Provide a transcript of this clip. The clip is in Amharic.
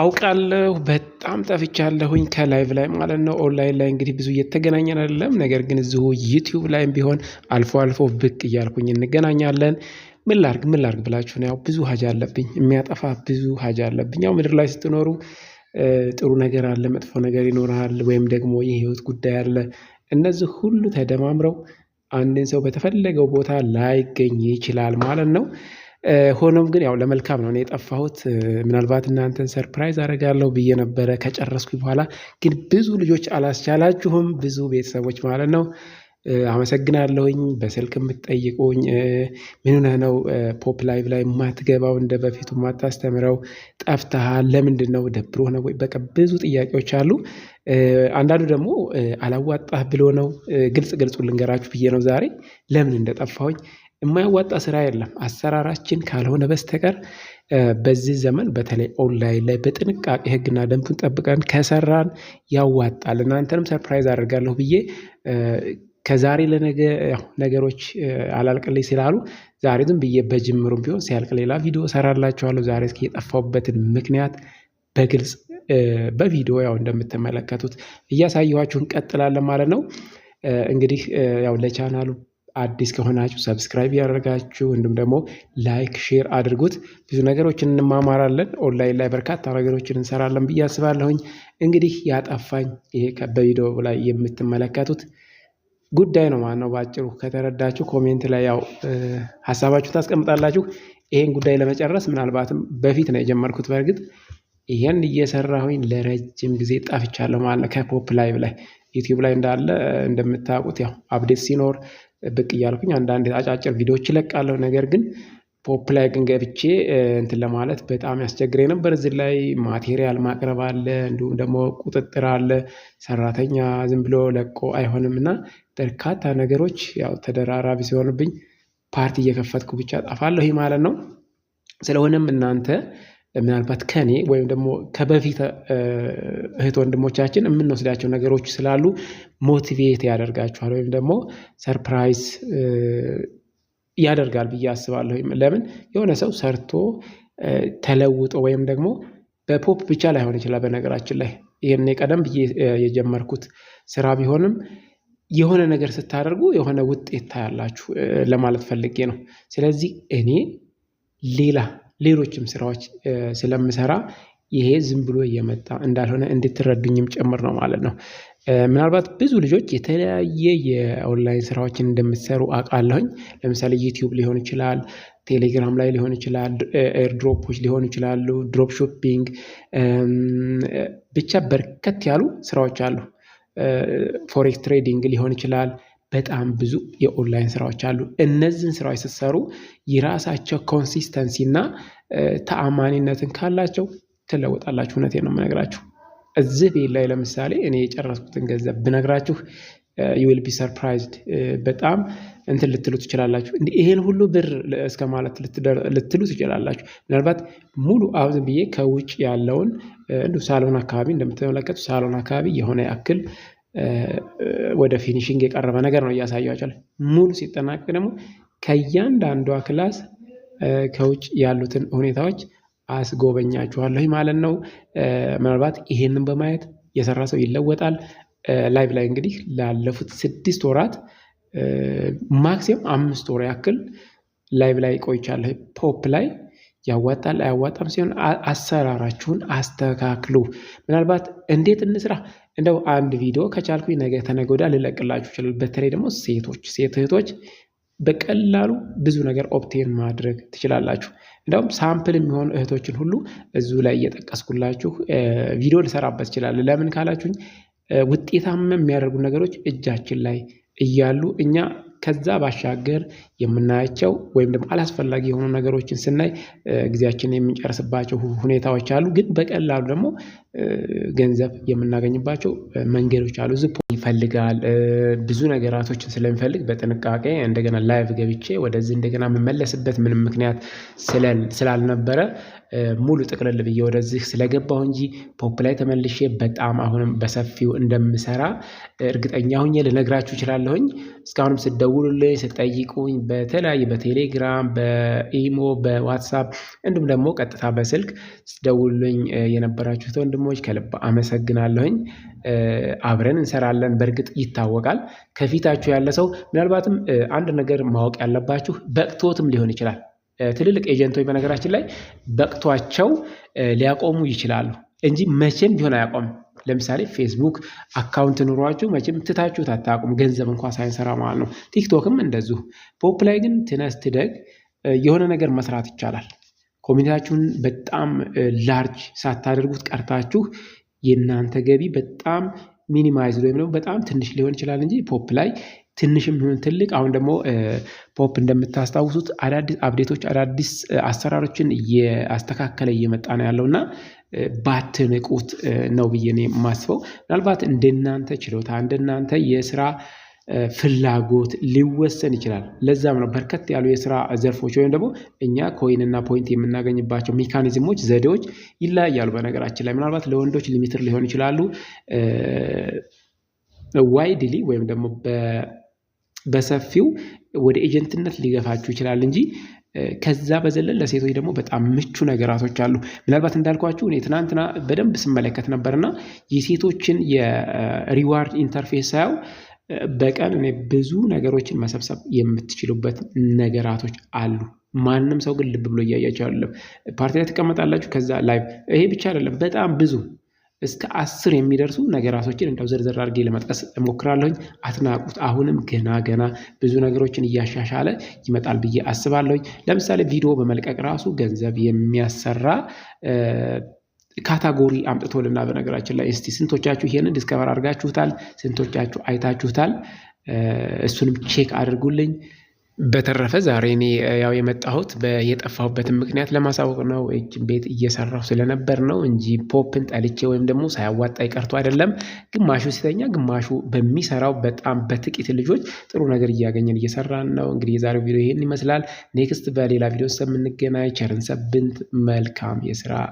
አውቃለሁ በጣም ጠፍቻለሁኝ ከላይቭ ላይ ማለት ነው። ኦንላይን ላይ እንግዲህ ብዙ እየተገናኘን አይደለም። ነገር ግን እዚሁ ዩቲዩብ ላይም ቢሆን አልፎ አልፎ ብቅ እያልኩኝ እንገናኛለን። ምን ላርግ ምን ላርግ ብላችሁ ነው። ያው ብዙ ሀጅ አለብኝ የሚያጠፋ ብዙ ሀጅ አለብኝ። ያው ምድር ላይ ስትኖሩ ጥሩ ነገር አለ፣ መጥፎ ነገር ይኖራል፣ ወይም ደግሞ የህይወት ጉዳይ አለ። እነዚህ ሁሉ ተደማምረው አንድን ሰው በተፈለገው ቦታ ላይገኝ ይችላል ማለት ነው። ሆኖም ግን ያው ለመልካም ነው የጠፋሁት። ምናልባት እናንተን ሰርፕራይዝ አደርጋለሁ ብዬ ነበረ ከጨረስኩኝ በኋላ ግን ብዙ ልጆች አላስቻላችሁም፣ ብዙ ቤተሰቦች ማለት ነው። አመሰግናለሁኝ። በስልክ የምትጠይቁኝ ምን ሆነህ ነው ፖፕ ላይቭ ላይ ማትገባው እንደ በፊቱ ማታስተምረው ጠፍተሃል፣ ለምንድን ነው ደብሮ ነው ወይ? በቃ ብዙ ጥያቄዎች አሉ። አንዳንዱ ደግሞ አላዋጣህ ብሎ ነው። ግልጽ ግልጹ ልንገራችሁ ብዬ ነው ዛሬ ለምን እንደጠፋሁኝ የማያዋጣ ስራ የለም። አሰራራችን ካልሆነ በስተቀር በዚህ ዘመን በተለይ ኦንላይን ላይ በጥንቃቄ ህግና ደንቡን ጠብቀን ከሰራን ያዋጣል። እናንተንም ሰርፕራይዝ አደርጋለሁ ብዬ ከዛሬ ለነገ ነገሮች አላልቅልኝ ስላሉ ዛሬ ዝም ብዬ በጅምሩም ቢሆን ሲያልቅ ሌላ ቪዲዮ እሰራላችኋለሁ። ዛሬ እስኪ የጠፋሁበትን ምክንያት በግልጽ በቪዲዮ ያው እንደምትመለከቱት እያሳየኋችሁን ቀጥላለን ማለት ነው። እንግዲህ ያው ለቻናሉ አዲስ ከሆናችሁ ሰብስክራይብ ያደርጋችሁ እንዲሁም ደግሞ ላይክ ሼር አድርጉት። ብዙ ነገሮችን እንማማራለን። ኦንላይን ላይ በርካታ ነገሮችን እንሰራለን ብዬ አስባለሁኝ። እንግዲህ ያጠፋኝ ይሄ በቪዲዮ ላይ የምትመለከቱት ጉዳይ ነው ማለት ነው። በአጭሩ ከተረዳችሁ ኮሜንት ላይ ያው ሀሳባችሁ ታስቀምጣላችሁ። ይሄን ጉዳይ ለመጨረስ ምናልባትም በፊት ነው የጀመርኩት። በእርግጥ ይሄን እየሰራሁኝ ለረጅም ጊዜ ጠፍቻለሁ ማለት ነው ከፖፕ ላይቭ ላይ ዩቲዩብ ላይ እንዳለ እንደምታውቁት ያው አፕዴት ሲኖር ብቅ እያልኩኝ አንዳንድ አጫጭር ቪዲዮዎች ይለቃለሁ። ነገር ግን ፖፕ ላይ ግን ገብቼ እንትን ለማለት በጣም ያስቸግረኝ ነበር። እዚህ ላይ ማቴሪያል ማቅረብ አለ፣ እንዲሁም ደግሞ ቁጥጥር አለ። ሰራተኛ ዝም ብሎ ለቆ አይሆንም እና በርካታ ነገሮች ያው ተደራራቢ ሲሆንብኝ ፓርቲ እየከፈትኩ ብቻ ጠፋለሁ ማለት ነው። ስለሆነም እናንተ ምናልባት ከኔ ወይም ደግሞ ከበፊት እህት ወንድሞቻችን የምንወስዳቸው ነገሮች ስላሉ ሞቲቬት ያደርጋችኋል ወይም ደግሞ ሰርፕራይዝ ያደርጋል ብዬ አስባለሁ። ለምን የሆነ ሰው ሰርቶ ተለውጦ ወይም ደግሞ በፖፕ ብቻ ላይሆን ይችላል። በነገራችን ላይ ይህን ቀደም ብዬ የጀመርኩት ስራ ቢሆንም የሆነ ነገር ስታደርጉ የሆነ ውጤት ታያላችሁ ለማለት ፈልጌ ነው። ስለዚህ እኔ ሌላ ሌሎችም ስራዎች ስለምሰራ ይሄ ዝም ብሎ እየመጣ እንዳልሆነ እንድትረዱኝም ጭምር ነው ማለት ነው። ምናልባት ብዙ ልጆች የተለያየ የኦንላይን ስራዎችን እንደምትሰሩ አውቃለሁኝ ለምሳሌ ዩቲዩብ ሊሆን ይችላል ቴሌግራም ላይ ሊሆን ይችላል ኤርድሮፖች ሊሆኑ ይችላሉ ድሮፕ ሾፒንግ ብቻ በርከት ያሉ ስራዎች አሉ። ፎሬክስ ትሬዲንግ ሊሆን ይችላል በጣም ብዙ የኦንላይን ስራዎች አሉ። እነዚህን ስራዎች ስትሰሩ የራሳቸው ኮንሲስተንሲ እና ተአማኒነትን ካላቸው ትለወጣላችሁ። እውነቴ ነው የምነግራችሁ። እዚህ ቤት ላይ ለምሳሌ እኔ የጨረስኩትን ገንዘብ ብነግራችሁ ዩል ቢ ሰርፕራይዝድ በጣም እንትን ልትሉ ትችላላችሁ። እንዲ ይሄን ሁሉ ብር እስከ ማለት ልትሉ ትችላላችሁ። ምናልባት ሙሉ አሁን ብዬ ከውጭ ያለውን እንዲሁ ሳሎን አካባቢ እንደምትመለከቱ ሳሎን አካባቢ የሆነ ያክል ወደ ፊኒሽንግ የቀረበ ነገር ነው እያሳያቸዋል። ሙሉ ሲጠናቀቅ ደግሞ ከእያንዳንዷ ክላስ ከውጭ ያሉትን ሁኔታዎች አስጎበኛችኋለሁ ማለት ነው። ምናልባት ይሄንን በማየት የሰራ ሰው ይለወጣል። ላይቭ ላይ እንግዲህ ላለፉት ስድስት ወራት ማክሲም አምስት ወር ያክል ላይቭ ላይ ቆይቻለሁ። ፖፕ ላይ ያዋጣል አያዋጣም ሲሆን አሰራራችሁን አስተካክሉ። ምናልባት እንዴት እንስራ እንደው አንድ ቪዲዮ ከቻልኩኝ ነገ ተነገ ልለቅላችሁ ይችላል። በተለይ ደግሞ ሴቶች ሴት እህቶች በቀላሉ ብዙ ነገር ኦፕቴን ማድረግ ትችላላችሁ። እንደውም ሳምፕል የሚሆኑ እህቶችን ሁሉ እዙ ላይ እየጠቀስኩላችሁ ቪዲዮ ልሰራበት ይችላል። ለምን ካላችሁኝ ውጤታማ የሚያደርጉ ነገሮች እጃችን ላይ እያሉ እኛ ከዛ ባሻገር የምናያቸው ወይም ደግሞ አላስፈላጊ የሆኑ ነገሮችን ስናይ ጊዜያችንን የምንጨርስባቸው ሁኔታዎች አሉ። ግን በቀላሉ ደግሞ ገንዘብ የምናገኝባቸው መንገዶች አሉ። ይፈልጋል ብዙ ነገራቶችን ስለሚፈልግ በጥንቃቄ እንደገና ላይቭ ገብቼ ወደዚህ እንደገና የምመለስበት ምንም ምክንያት ስላልነበረ ሙሉ ጥቅልል ብዬ ወደዚህ ስለገባሁ እንጂ ፖፕ ላይ ተመልሼ በጣም አሁንም በሰፊው እንደምሰራ እርግጠኛ ሁኜ ልነግራችሁ እችላለሁኝ። እስካሁንም ስደውሉልኝ፣ ስጠይቁኝ በተለያዩ በቴሌግራም፣ በኢሞ፣ በዋትሳፕ እንዲሁም ደግሞ ቀጥታ በስልክ ስደውሉልኝ የነበራችሁት ወንድሞች ከልብ አመሰግናለሁኝ። አብረን እንሰራለን። እንደሆነን በእርግጥ ይታወቃል። ከፊታችሁ ያለ ሰው ምናልባትም አንድ ነገር ማወቅ ያለባችሁ በቅቶትም ሊሆን ይችላል። ትልልቅ ኤጀንቶች በነገራችን ላይ በቅቷቸው ሊያቆሙ ይችላሉ እንጂ መቼም ቢሆን አያቆም። ለምሳሌ ፌስቡክ አካውንት ኑሯችሁ መቼም ትታችሁት አታውቁም፣ ገንዘብ እንኳ ሳይንሰራ ማለት ነው። ቲክቶክም እንደዚሁ። ፖፕ ላይ ግን ትነስ ትደግ የሆነ ነገር መስራት ይቻላል። ኮሚኒቲያችሁን በጣም ላርጅ ሳታደርጉት ቀርታችሁ የእናንተ ገቢ በጣም ሚኒማይዝድ ወይም ደግሞ በጣም ትንሽ ሊሆን ይችላል እንጂ ፖፕ ላይ ትንሽም ይሁን ትልቅ አሁን ደግሞ ፖፕ እንደምታስታውሱት አዳዲስ አፕዴቶች አዳዲስ አሰራሮችን እየአስተካከለ እየመጣ ነው ያለው እና ባትንቁት ነው ብዬ ነው የማስበው። ምናልባት እንደናንተ ችሎታ እንደናንተ የስራ ፍላጎት ሊወሰን ይችላል። ለዛም ነው በርከት ያሉ የስራ ዘርፎች ወይም ደግሞ እኛ ኮይንና ፖይንት የምናገኝባቸው ሜካኒዝሞች፣ ዘዴዎች ይለያያሉ። በነገራችን ላይ ምናልባት ለወንዶች ሊሚትር ሊሆን ይችላሉ። ዋይድሊ ወይም ደግሞ በሰፊው ወደ ኤጀንትነት ሊገፋችሁ ይችላል እንጂ ከዛ በዘለል ለሴቶች ደግሞ በጣም ምቹ ነገራቶች አሉ። ምናልባት እንዳልኳችሁ እኔ ትናንትና በደንብ ስመለከት ነበርና የሴቶችን የሪዋርድ ኢንተርፌስ ሳየው በቀን እኔ ብዙ ነገሮችን መሰብሰብ የምትችሉበት ነገራቶች አሉ። ማንም ሰው ግን ልብ ብሎ እያያቸው አይደለም። ፓርቲ ላይ ትቀመጣላችሁ፣ ከዛ ላይ ይሄ ብቻ አይደለም፣ በጣም ብዙ እስከ አስር የሚደርሱ ነገራቶችን እንደው ዝርዝር አድርጌ ለመጥቀስ እሞክራለሁኝ። አትናቁት። አሁንም ገና ገና ብዙ ነገሮችን እያሻሻለ ይመጣል ብዬ አስባለሁኝ። ለምሳሌ ቪዲዮ በመልቀቅ ራሱ ገንዘብ የሚያሰራ ካታጎሪ አምጥቶልና በነገራችን ላይ እስቲ ስንቶቻችሁ ይሄንን ዲስከቨር አድርጋችሁታል? ስንቶቻችሁ አይታችሁታል? እሱንም ቼክ አድርጉልኝ። በተረፈ ዛሬ እኔ ያው የመጣሁት የጠፋሁበትን ምክንያት ለማሳወቅ ነው። እጅን ቤት እየሰራሁ ስለነበር ነው እንጂ ፖፕን ጠልቼ ወይም ደግሞ ሳያዋጣ ይቀርቶ አይደለም። ግማሹ ሲተኛ፣ ግማሹ በሚሰራው በጣም በጥቂት ልጆች ጥሩ ነገር እያገኘን እየሰራን ነው። እንግዲህ የዛሬው ቪዲዮ ይህን ይመስላል። ኔክስት በሌላ ቪዲዮ እስከምንገናኝ ቸርን ሰብንት መልካም የስራ